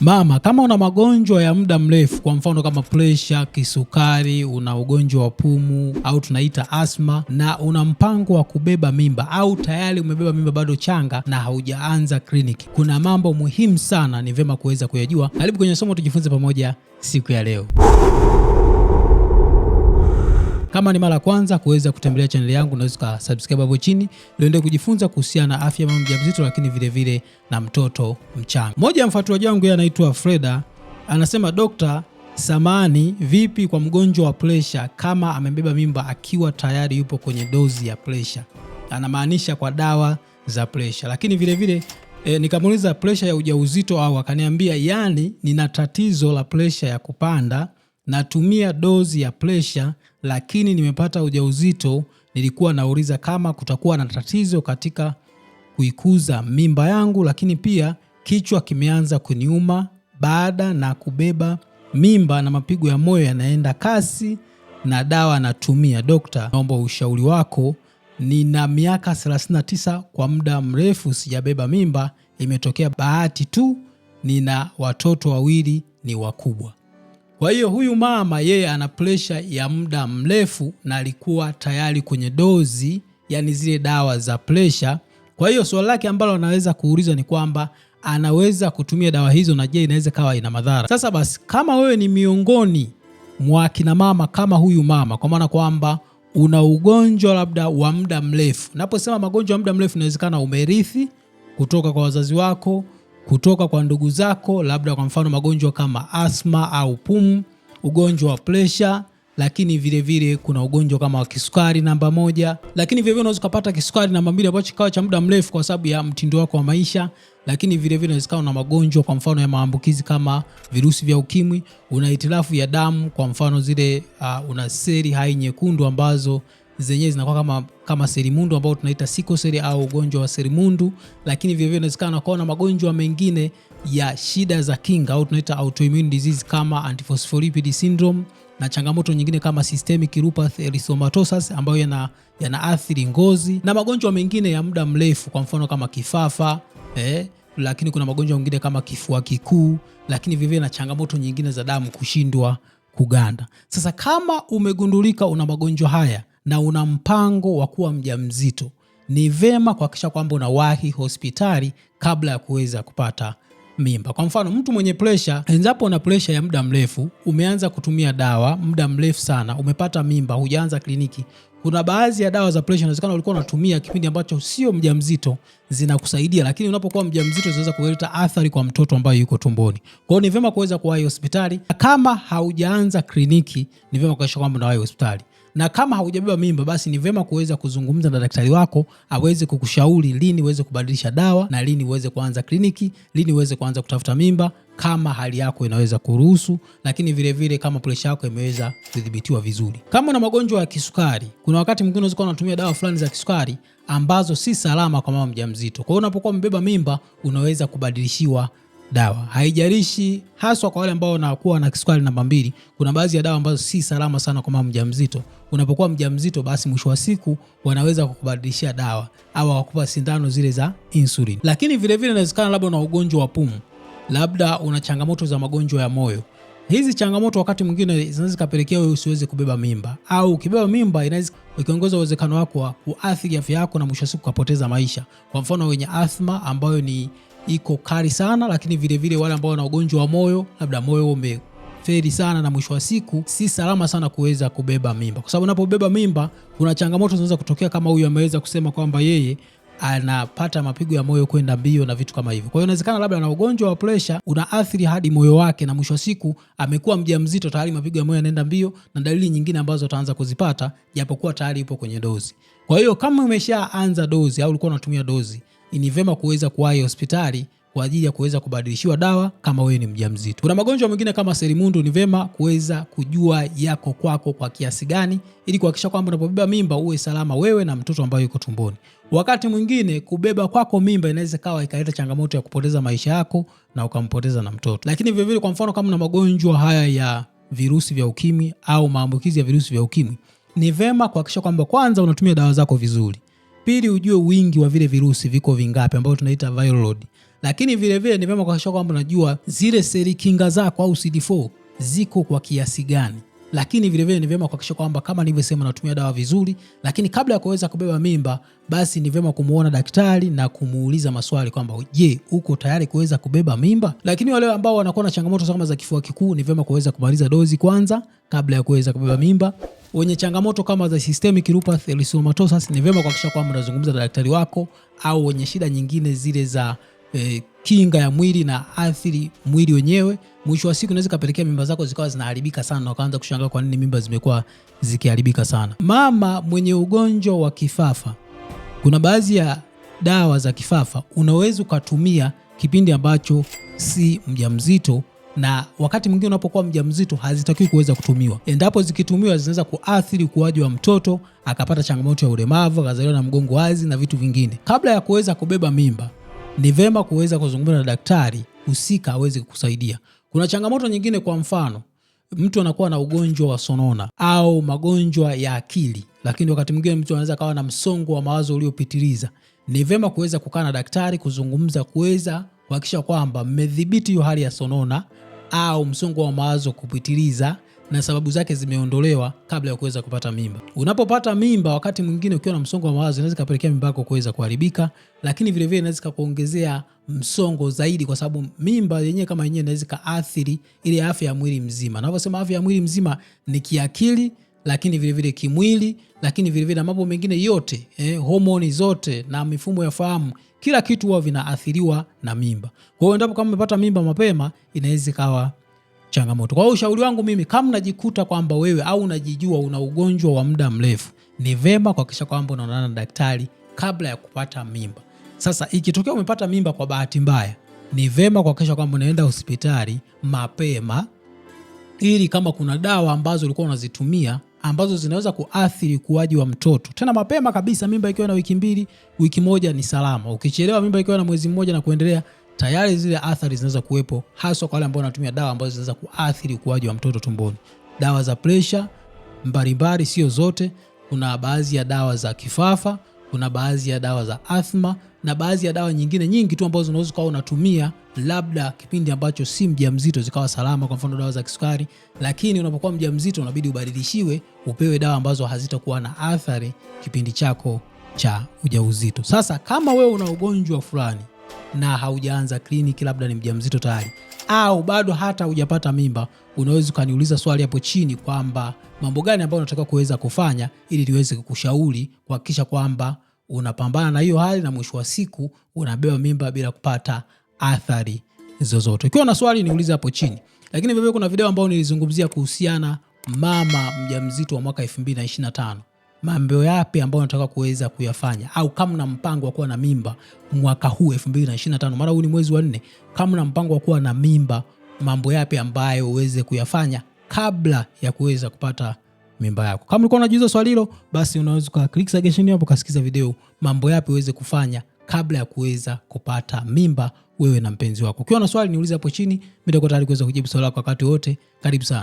Mama, kama una magonjwa ya muda mrefu, kwa mfano kama presha, kisukari, una ugonjwa wa pumu au tunaita asma, na una mpango wa kubeba mimba au tayari umebeba mimba bado changa na haujaanza kliniki, kuna mambo muhimu sana ni vyema kuweza kuyajua. Karibu kwenye somo tujifunze pamoja siku ya leo. Kama ni mara ya kwanza kuweza kutembelea chaneli yangu, unaweza ukasubscribe hapo chini uende kujifunza kuhusiana na afya mama mjamzito, lakini vilevile vile na mtoto mchanga. Mmoja ya mfuatiliaji wangu yeye anaitwa Freda anasema, dokta samani, vipi kwa mgonjwa wa presha kama amebeba mimba akiwa tayari yupo kwenye dozi ya presha? Anamaanisha kwa dawa za presha, lakini vilevile vile, E, nikamuuliza presha ya ujauzito au akaniambia, yani nina tatizo la presha ya kupanda natumia dozi ya presha, lakini nimepata ujauzito. Nilikuwa nauliza kama kutakuwa na tatizo katika kuikuza mimba yangu, lakini pia kichwa kimeanza kuniuma baada na kubeba mimba na mapigo ya moyo yanaenda kasi na dawa natumia. Dokta, naomba ushauri wako. Nina miaka 39, kwa muda mrefu sijabeba mimba, imetokea bahati tu. Nina watoto wawili ni wakubwa. Kwa hiyo huyu mama yeye ana presha ya muda mrefu na alikuwa tayari kwenye dozi, yani zile dawa za presha. Kwa hiyo swali lake ambalo anaweza kuuliza ni kwamba anaweza kutumia dawa hizo na je, inaweza kawa ina madhara? Sasa basi, kama wewe ni miongoni mwa kina mama kama huyu mama, kwa maana kwamba una ugonjwa labda wa muda mrefu. Naposema magonjwa ya muda mrefu, inawezekana umerithi kutoka kwa wazazi wako kutoka kwa ndugu zako, labda kwa mfano magonjwa kama asma au pumu, ugonjwa wa presha, lakini vile vile kuna ugonjwa kama wa kisukari namba moja, lakini vile vile unaweza kupata kisukari namba mbili ambacho kikawa cha muda mrefu kwa sababu ya mtindo wako wa maisha, lakini vile vile unaweza na magonjwa kwa mfano ya maambukizi kama virusi vya ukimwi, una hitilafu ya damu, kwa mfano zile uh, una seli hai nyekundu ambazo zenyewe zinakuwa kama, kama selimundu ambao tunaita sikoseli au ugonjwa wa selimundu, lakini vilevile inawezekana kuwa na magonjwa mengine ya shida za kinga au tunaita autoimmune disease kama antiphospholipid syndrome na changamoto nyingine kama systemic lupus erythematosus ambayo yana yanaathiri ngozi na magonjwa mengine ya muda mrefu, kwa mfano kama kifafa eh, lakini kuna magonjwa mengine kama kifua kikuu, lakini vivyo na changamoto nyingine za damu kushindwa kuganda. Sasa kama umegundulika una magonjwa haya na una mpango wa kuwa mjamzito, ni vema kuhakikisha kwamba unawahi hospitali kabla ya kuweza kupata mimba. Kwa mfano, mtu mwenye presha, endapo una presha ya muda mrefu, umeanza kutumia dawa muda mrefu sana, umepata mimba, hujaanza kliniki, kuna baadhi ya dawa za presha inawezekana ulikuwa unatumia kipindi ambacho sio mjamzito, zinakusaidia, lakini unapokuwa mjamzito zinaweza kuleta athari kwa mtoto ambaye yuko tumboni. Kwa hiyo ni vema kuweza kuwahi hospitali. Kama haujaanza kliniki, ni vema kuhakikisha kwamba unawahi hospitali na kama haujabeba mimba, basi ni vyema kuweza kuzungumza na daktari wako aweze kukushauri lini uweze kubadilisha dawa na lini uweze kuanza kliniki, lini uweze kuanza kutafuta mimba kama hali yako inaweza kuruhusu, lakini vilevile vile kama presha yako imeweza kudhibitiwa vizuri. Kama una magonjwa ya kisukari, kuna wakati mwingine unaweza kuwa unatumia dawa fulani za kisukari ambazo si salama kwa mama mjamzito. Kwa hiyo unapokuwa umebeba mimba, unaweza kubadilishiwa dawa. Haijarishi haswa kwa wale ambao wanakuwa na kisukari namba mbili, kuna baadhi ya dawa ambazo si salama sana kwa mama mjamzito. Unapokuwa mjamzito, basi mwisho wa siku wanaweza kukubadilishia dawa au wakupa sindano zile za insulin. Lakini vilevile inawezekana labda una ugonjwa wa pumu, labda una changamoto za magonjwa ya moyo. Hizi changamoto wakati mwingine zinaweza zikapelekea wewe usiweze kubeba mimba, au ukibeba mimba inaweza ikiongeza uwezekano wako wa kuathiri afya yako na mwisho wa siku kupoteza maisha. Kwa mfano wenye athma ambayo ni iko kali sana, lakini vilevile wale ambao wana ugonjwa wa moyo, labda moyo ume feri sana na mwisho wa siku si salama sana kuweza kubeba mimba, kwa sababu unapobeba mimba kuna changamoto zinaweza kutokea, kama huyu ameweza kusema kwamba yeye anapata mapigo ya moyo kwenda mbio na vitu kama hivyo. Kwa hiyo inawezekana labda na ugonjwa wa presha unaathiri hadi moyo wake, na mwisho wa siku amekuwa mjamzito tayari, mapigo ya moyo yanaenda mbio na dalili nyingine ambazo ataanza kuzipata, japokuwa tayari ipo kwenye dozi. Kwa hiyo kama umeshaanza dozi au ulikuwa unatumia dozi ni vema kuweza kuwahi hospitali kwa ajili ya kuweza kubadilishiwa dawa kama wewe ni mjamzito. Kuna magonjwa mengine kama selimundu, ni vema kuweza kujua yako kwako kwa kiasi gani, ili kuhakikisha kwamba unapobeba mimba uwe salama wewe na mtoto ambaye yuko tumboni. Wakati mwingine kubeba kwako mimba inaweza kawa ikaleta changamoto ya kupoteza maisha yako na ukampoteza na mtoto. Lakini vilevile, kwa mfano kama na magonjwa haya ya virusi vya ukimwi au maambukizi ya virusi vya ukimwi, ni vema kuhakikisha kwamba kwanza unatumia dawa zako vizuri Pili, ujue wingi wa vile virusi viko vingapi ambavyo tunaita viral load. Lakini vilevile ni vyema kuhakikisha kwamba unajua zile seli kinga zako au CD4 ziko kwa kiasi gani lakini vilevile ni vyema kuhakikisha kwamba kama nilivyosema, natumia dawa vizuri, lakini kabla ya kuweza kubeba mimba, basi ni vyema kumuona daktari na kumuuliza maswali kwamba je, uko tayari kuweza kubeba mimba? Lakini wale ambao wanakuwa na changamoto kama za kifua kikuu, ni vyema kuweza kumaliza dozi kwanza kabla ya kuweza kubeba mimba. Wenye changamoto kama za systemic lupus erythematosus, ni vyema kuhakikisha kwamba unazungumza na daktari wako, au wenye shida nyingine zile za e, kinga ya mwili na athiri mwili wenyewe. Mwisho wa siku inaweza kapelekea mimba zako zikawa zinaharibika sana, na ukaanza kushangaa kwa nini mimba zimekuwa zikiharibika sana. Mama mwenye ugonjwa wa kifafa, kuna baadhi ya dawa za kifafa unaweza ukatumia kipindi ambacho si mjamzito na wakati mwingine unapokuwa mjamzito hazitakiwi kuweza kutumiwa. Endapo zikitumiwa zinaweza kuathiri ukuaji wa mtoto, akapata changamoto ya ulemavu, akazaliwa na mgongo wazi na vitu vingine. Kabla ya kuweza kubeba mimba, ni vema kuweza kuzungumza na daktari husika aweze kukusaidia. Kuna changamoto nyingine, kwa mfano mtu anakuwa na ugonjwa wa sonona au magonjwa ya akili, lakini wakati mwingine mtu anaweza kawa na msongo wa mawazo uliopitiliza. Ni vema kuweza kukaa na daktari kuzungumza, kuweza kuhakikisha kwamba mmedhibiti hiyo hali ya sonona au msongo wa mawazo kupitiliza na sababu zake zimeondolewa kabla ya kuweza kupata mimba. Unapopata mimba, wakati mwingine ukiwa na msongo wa mawazo, inaweza ikapelekea mimba yako kuweza kuharibika, lakini vilevile inaweza ikakuongezea msongo zaidi, kwa sababu mimba yenyewe kama yenyewe inaweza ikaathiri ile afya ya mwili mzima. Navyosema afya ya mwili mzima ni kiakili lakini vilevile kimwili, lakini vilevile na mambo mengine yote eh, homoni zote na mifumo ya fahamu, kila kitu huwa vinaathiriwa na mimba. Kwa hiyo endapo kama umepata mimba mapema, inaweza ikawa changamoto. Kwa hiyo ushauri wangu mimi, kama unajikuta kwamba wewe au unajijua una ugonjwa wa muda mrefu, ni vema kuhakikisha kwamba unaonana na daktari kabla ya kupata mimba. Sasa ikitokea umepata mimba kwa bahati mbaya, ni vema kuhakikisha kwamba unaenda hospitali mapema, ili kama kuna dawa ambazo ulikuwa unazitumia ambazo zinaweza kuathiri ukuaji wa mtoto, tena mapema kabisa. Mimba ikiwa na wiki mbili, wiki moja ni salama. Ukichelewa mimba ikiwa na mwezi mmoja na kuendelea tayari zile athari zinaweza kuwepo, haswa kwa wale ambao wanatumia dawa ambazo zinaweza kuathiri ukuaji wa mtoto tumboni. Dawa za presha mbalimbali, sio zote. Kuna baadhi ya dawa za kifafa, kuna baadhi ya dawa za athma na baadhi ya dawa nyingine nyingi tu ambazo unaweza ukawa unatumia labda kipindi ambacho si mjamzito zikawa salama, kwa mfano dawa za kisukari. Lakini unapokuwa mjamzito, unabidi ubadilishiwe, upewe dawa ambazo hazitakuwa na athari kipindi chako cha ujauzito. Sasa kama wewe una ugonjwa fulani na haujaanza kliniki, labda ni mjamzito tayari au bado hata hujapata mimba, unaweza ukaniuliza swali hapo chini kwamba mambo gani ambayo unatakiwa kuweza kufanya ili niweze kukushauri kuhakikisha kwamba unapambana na hiyo hali na mwisho wa siku unabeba mimba bila kupata athari zozote. Ukiwa na swali niulize hapo chini. Lakini vile kuna video ambayo nilizungumzia kuhusiana mama mjamzito wa mwaka 2025 mambo yapi ambayo unataka kuweza kuyafanya, au kama na mpango wa kuwa na mimba mwaka huu 2025, mara huu ni mwezi wa nne, kama na mpango wa kuwa na mimba, mambo yapi ambayo uweze kuyafanya kabla ya kuweza kupata mimba yako. Kama ulikuwa unajiuliza swali hilo, basi unaweza click suggestion hapo kasikiza video mambo yapi uweze kufanya kabla ya kuweza kupata mimba wewe na mpenzi wako. Ukiwa na swali niulize hapo chini, mimi nitakuwa tayari kuweza kujibu swali lako wakati wote. Karibu sana.